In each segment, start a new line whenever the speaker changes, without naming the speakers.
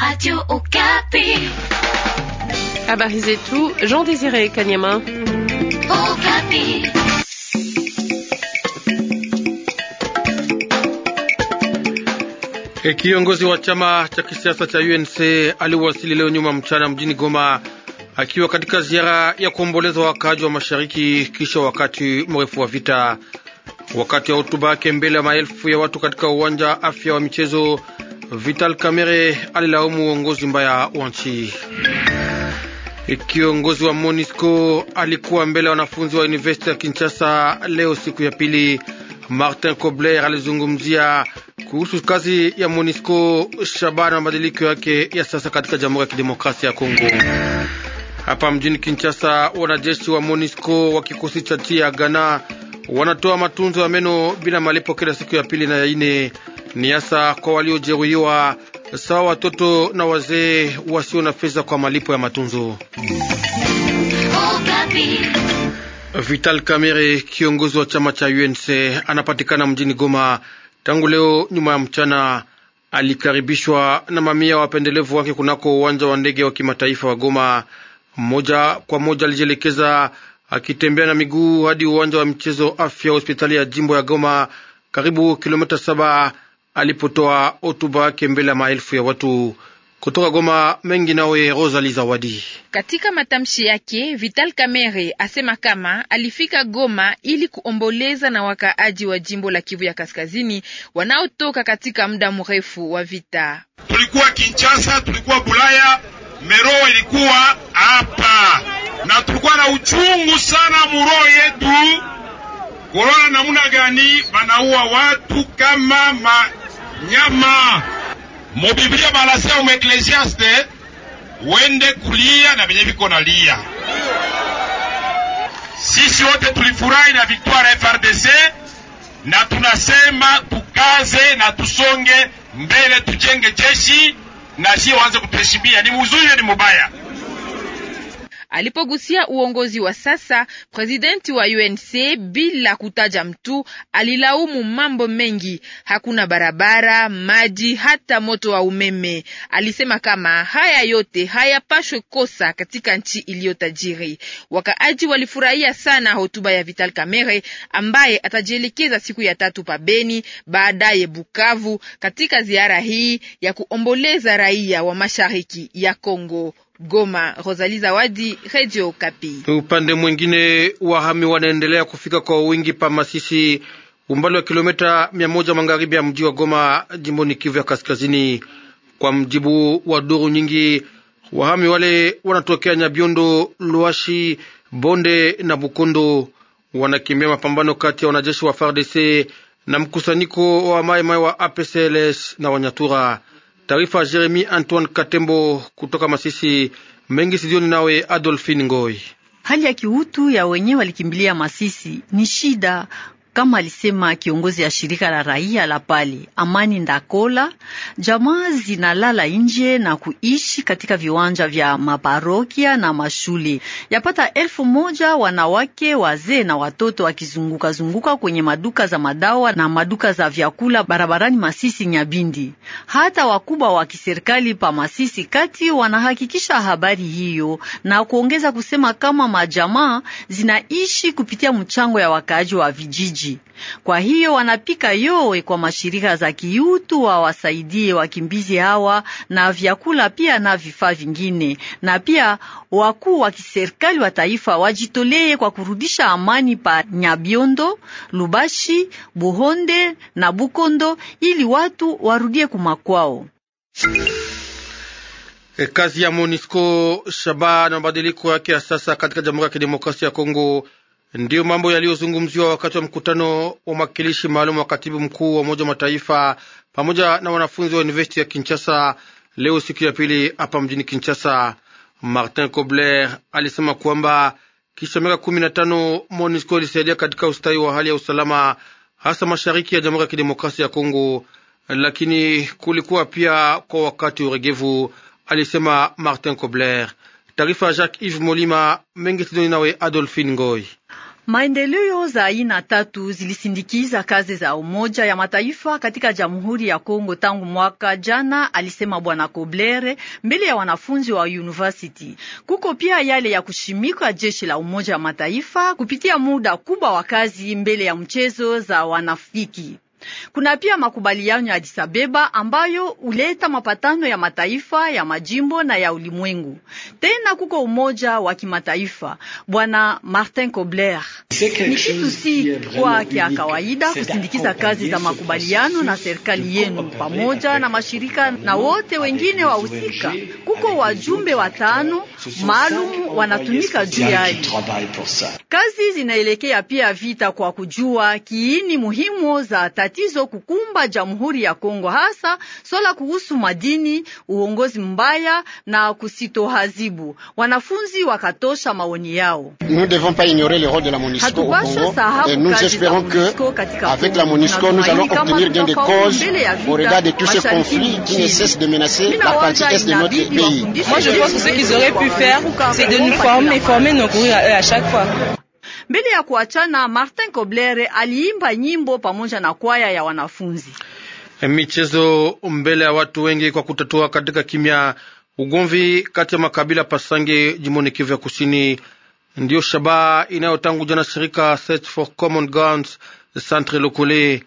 Radio Okapi.
Habari zetu, Jean Désiré Kanyama.
Okapi.
E, kiongozi wa chama cha kisiasa cha UNC aliwasili leo nyuma mchana mjini Goma akiwa katika ziara ya kuomboleza wakaaji wa mashariki kisha wakati mrefu wa vita. Wakati wa hotuba yake mbele ya maelfu ya watu katika uwanja afya wa michezo Vital Kamerhe alilaumu uongozi mbaya wa nchi. Kiongozi wa MONUSCO alikuwa mbele ya wanafunzi wa University ya Kinshasa leo siku ya pili. Martin Kobler alizungumzia kuhusu kazi ya monisco shabana na mabadiliko yake ya sasa katika Jamhuri ya Kidemokrasia ya Kongo. Hapa mjini Kinshasa, wanajeshi wa Monisco wa kikosi cha tia Ghana wanatoa matunzo ya meno bila malipo kila siku ya pili na ya ine ni hasa kwa waliojeruhiwa sawa watoto na wazee wasio na fedha kwa malipo ya matunzo. Vital Kamerhe, kiongozi wa chama cha UNC, anapatikana mjini Goma tangu leo nyuma ya mchana. Alikaribishwa na mamia wapendelevu wake kunako uwanja wa ndege wa kimataifa wa Goma. Moja kwa moja alijielekeza akitembea na miguu hadi uwanja wa michezo afya hospitali ya jimbo ya Goma, karibu kilomita saba alipotoa hotuba yake mbele ya maelfu ya watu kutoka Goma. Mengi nawe Rosalie Zawadi.
Katika matamshi yake
Vital Kamerhe asema kama alifika Goma ili kuomboleza na wakaaji wa jimbo la Kivu ya Kaskazini wanaotoka katika muda mrefu wa vita.
Tulikuwa Kinshasa, tulikuwa Bulaya, mero ilikuwa hapa na
tulikuwa na uchungu sana muroho yetu kuona namuna gani wanaua watu kama ma nyama. Mubiblia balasia umwekleziaste wende kulia na venye viko na lia. Sisi wote tulifurahi na victoire FRDC na tunasema tukaze na tusonge mbele, tujenge jeshi na sio waanze kutuheshimia. Ni mzuri, ni mubaya
Alipogusia
uongozi wa sasa, presidenti wa UNC bila kutaja mtu alilaumu mambo mengi: hakuna barabara, maji, hata moto wa umeme. Alisema kama haya yote hayapashwe kosa katika nchi iliyotajiri. Wakaaji walifurahia sana hotuba ya Vital Kamerhe ambaye atajielekeza siku ya tatu pa Beni, baadaye Bukavu, katika ziara hii ya kuomboleza raia wa mashariki ya Kongo. Goma, Rosalie Zawadi, Radio Kapi.
Upande mwingine wahami wanaendelea kufika kwa wingi pa Masisi, umbali wa kilomita mia moja magharibi ya mji wa Goma, jimboni Kivu ya Kaskazini. Kwa mjibu wa duru nyingi, wahami wale wanatokea Nyabiondo, Luashi, Bonde na Bukondo, wanakimbia mapambano kati ya wanajeshi wa FARDC na mkusanyiko wa maimai wa APCLS na Wanyatura. Taarifa Jeremi Antoine Katembo kutoka Masisi. Mengi sijioni nawe Adolphine Ngoi.
Hali ya kiutu ya wenye walikimbilia Masisi ni shida kama alisema kiongozi ya shirika la raia la pale Amani Ndakola, jamaa zinalala nje na kuishi katika viwanja vya maparokia na mashule. Yapata elfu moja wanawake, wazee na watoto wakizungukazunguka kwenye maduka za madawa na maduka za vyakula barabarani Masisi Nyabindi. Hata wakubwa wa kiserikali pa Masisi kati wanahakikisha habari hiyo na kuongeza kusema kama majamaa zinaishi kupitia mchango ya wakaaji wa vijiji maji. Kwa hiyo wanapika yowe kwa mashirika za kiutu wawasaidie wakimbizi hawa na vyakula pia na vifaa vingine, na pia wakuu wa kiserikali wa taifa wajitolee kwa kurudisha amani pa Nyabiondo, Lubashi, Buhonde na Bukondo ili watu warudie kumakwao.
E, kazi ya MONUSCO shabaha na mabadiliko yake ya sasa katika Jamhuri ya Kidemokrasia ya Kongo Ndiyo mambo yaliyozungumziwa wakati wa mkutano wa mwakilishi maalum wa katibu mkuu wa Umoja wa Mataifa pamoja na wanafunzi wa universiti ya Kinshasa leo siku ya pili hapa mjini Kinshasa. Martin Kobler alisema kwamba kisha miaka kumi na tano MONUSCO ilisaidia katika ustawi wa hali ya usalama hasa mashariki ya Jamhuri ya Kidemokrasia ya Kongo, lakini kulikuwa pia kwa wakati uregevu, alisema Martin Kobler. Taarifa ya Jacques Yves Molima mengi tidoni nawe Adolphine Ngoy.
Maendeleo za aina tatu zilisindikiza kazi za Umoja ya Mataifa katika Jamhuri ya Kongo tangu mwaka jana, alisema Bwana Koblere mbele ya wanafunzi wa university. Kuko pia yale ya kushimika jeshi la Umoja wa Mataifa kupitia muda kubwa wa kazi mbele ya mchezo za wanafiki. Kuna pia makubaliano ya Addis ambayo huleta mapatano ya mataifa ya majimbo na ya ulimwengu. Tena kuko umoja wa kimataifa. Bwana Martin Kobler ni kitu si kwa kia kawaida kusindikiza kazi za makubaliano na serikali yenu pamoja na mashirika na wote wengine wahusika. Kuko wajumbe watano maalum wanatumika juu ya Kazi zinaelekea pia vita kwa kujua kiini muhimu za tatizo kukumba Jamhuri ya Kongo, hasa swala kuhusu madini, uongozi mbaya na kusitohazibu. Wanafunzi wakatosha maoni yao. Hatupasha sahau et nous espérons que avec la MONUSCO nous allons obtenir gain de cause au regard de tous ces conflits qui ne cessent de menacer la partie est de notre pays. Moi je pense que ce qu'ils auraient pu faire c'est de nous former, et former nos courir à eux à chaque fois. Mbele ya kuachana, Martin Kobler aliimba nyimbo pamoja na kwaya ya wanafunzi.
E, michezo mbele ya watu wengi kwa kutatua katika kimya ugomvi kati ya makabila Pasange, jimoni Kivu ya Kusini ndiyo shabaha inayotanguja na shirika Search for Common Grounds Centre Lokole.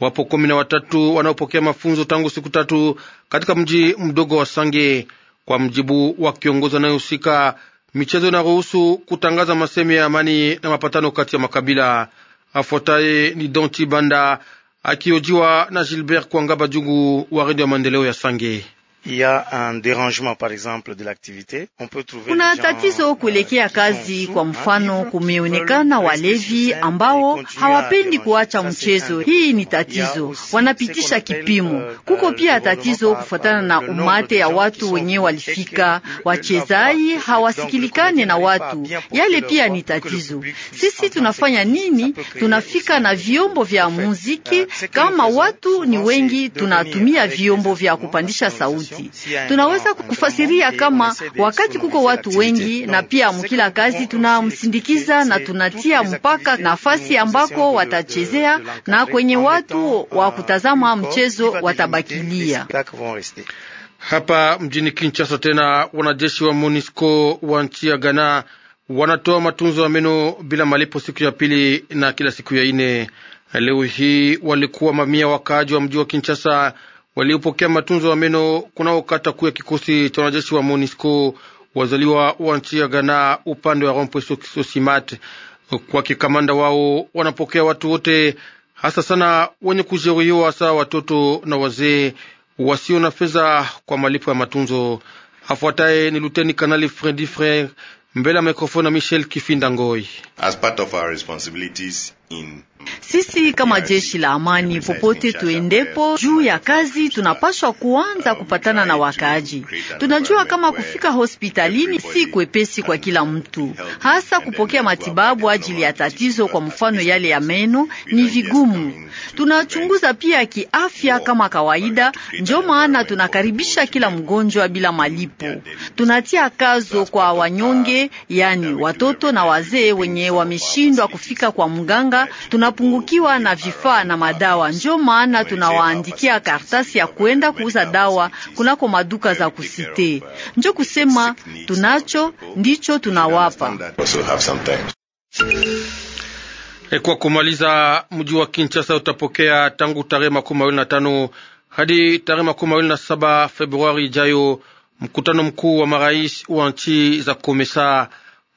Wapo kumi na watatu wanaopokea mafunzo tangu siku tatu katika mji mdogo wa Sange. Kwa mjibu wa kiongozi anayehusika michezo, inaruhusu kutangaza masemi ya amani na mapatano kati ya makabila. Afuataye ni Donti Banda akiojiwa na Gilbert Kwangaba Jungu wa redio ya maendeleo ya Sange il y a un
dérangement, par exemple de l'activité, on peut trouver
kuna tatizo kuelekea kazi. Kwa mfano, kumeonekana walevi ambao hawapendi kuacha mchezo. Hii ni tatizo, wanapitisha kipimo. Kuko pia tatizo kufuatana na umate ya watu wenye walifika, wachezaji hawasikilikane na watu, yale pia ni tatizo. Sisi tunafanya nini? Tunafika na vyombo vya muziki, kama watu ni wengi, tunatumia vyombo vya kupandisha sauti kazi. Tunaweza kufasiria kama wakati kuko watu wengi, na pia mkila kazi tunamsindikiza na tunatia mpaka nafasi ambako watachezea na kwenye watu wa euh, kutazama mchezo watabakilia.
Hapa mjini Kinshasa tena wanajeshi wa MONUSCO wa nchi ya Ghana wanatoa matunzo ya meno bila malipo siku ya pili na kila siku ya ine. Leo hii walikuwa mamia wakaaji wa mji wa Kinshasa waliopokea matunzo ya meno kunaokata kuu ya kikosi cha wanajeshi wa MONUSCO wazaliwa wa nchi ya Ghana upande wa Rompwe Sosimat. Kwa kikamanda wao wanapokea watu wote, hasa sana wenye kujeruhiwa, hasa watoto na wazee wasio na fedha kwa malipo ya matunzo. Afuataye ni Luteni Kanali Fredi Frere mbele ya mikrofoni na Michel Kifinda Ngoi. As part of our responsibilities sisi kama jeshi la
amani, popote tuendepo juu ya kazi, tunapaswa um, kuanza kupatana na wakaaji. Tunajua kama kufika hospitalini si kwepesi kwa kila mtu, hasa kupokea matibabu ajili ya tatizo, kwa mfano yale ya meno ni vigumu. Tunachunguza pia kiafya kama kawaida, ndio maana tunakaribisha kila mgonjwa bila malipo. Tunatia kazo kwa wanyonge, yani watoto na wazee wenye wameshindwa kufika kwa mganga tunapungukiwa na vifaa na madawa, ndio maana tunawaandikia karatasi ya kwenda kuuza dawa kunako maduka za kusite. Njo kusema tunacho ndicho tunawapa.
E, kwa kumaliza, mji wa Kinshasa utapokea tangu tarehe makumi mawili na tano hadi tarehe makumi mawili na saba Februari ijayo mkutano mkuu wa marais wa nchi za Komesa.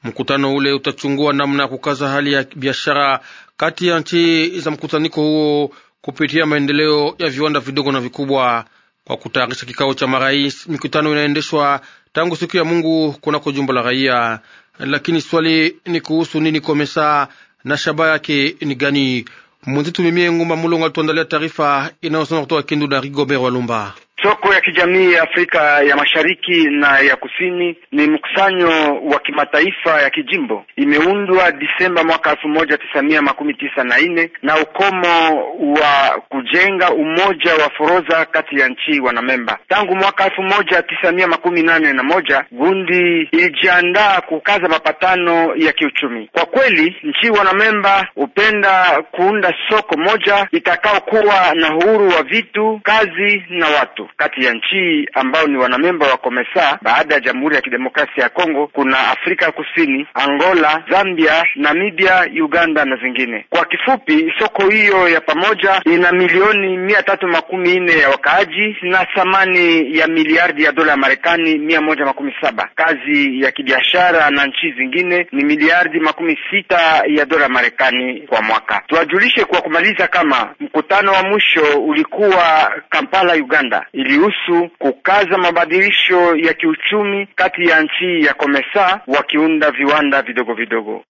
Mkutano ule utachungua namna ya kukaza hali ya biashara kati ya nchi za mkutaniko huo kupitia maendeleo ya viwanda vidogo na vikubwa. Kwa kutayarisha kikao cha marais, mikutano inaendeshwa tangu siku ya Mungu kunako jumba la raia, lakini swali ni kuhusu nini Komesa na shaba yake ni gani? Mwenzetu Mimie Ngumba Mulongo alituandalia taarifa inayosoma kutoka Kindu na Rigobert Walumba.
Masoko ya kijamii ya Afrika ya Mashariki na ya Kusini ni mkusanyo wa kimataifa ya kijimbo, imeundwa Disemba mwaka elfu moja tisa mia makumi tisa na nne na ukomo wa kujenga umoja wa foroza kati ya nchi wanamemba. Tangu mwaka elfu moja tisa mia makumi nane na moja gundi ilijiandaa kukaza mapatano ya kiuchumi. Kwa kweli, nchi wanamemba hupenda kuunda soko moja itakaokuwa na uhuru wa vitu, kazi na watu kati ya nchi ambao ni wanamemba wa COMESA baada ya Jamhuri ya Kidemokrasia ya Kongo, kuna Afrika Kusini, Angola, Zambia, Namibia, Uganda na zingine. Kwa kifupi, soko hiyo ya pamoja ina milioni mia tatu makumi nne ya wakaaji na thamani ya miliardi ya dola ya Marekani mia moja makumi saba. Kazi ya kibiashara na nchi zingine ni miliardi makumi sita ya dola ya Marekani kwa mwaka. Tuwajulishe kwa kumaliza kama mkutano wa mwisho ulikuwa Kampala, Uganda ilihusu kukaza mabadilisho ya kiuchumi kati ya nchi ya Komesa wakiunda viwanda vidogo vidogo.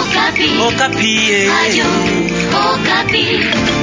Okapi. Okapi. Eh. Ayu, Okapi.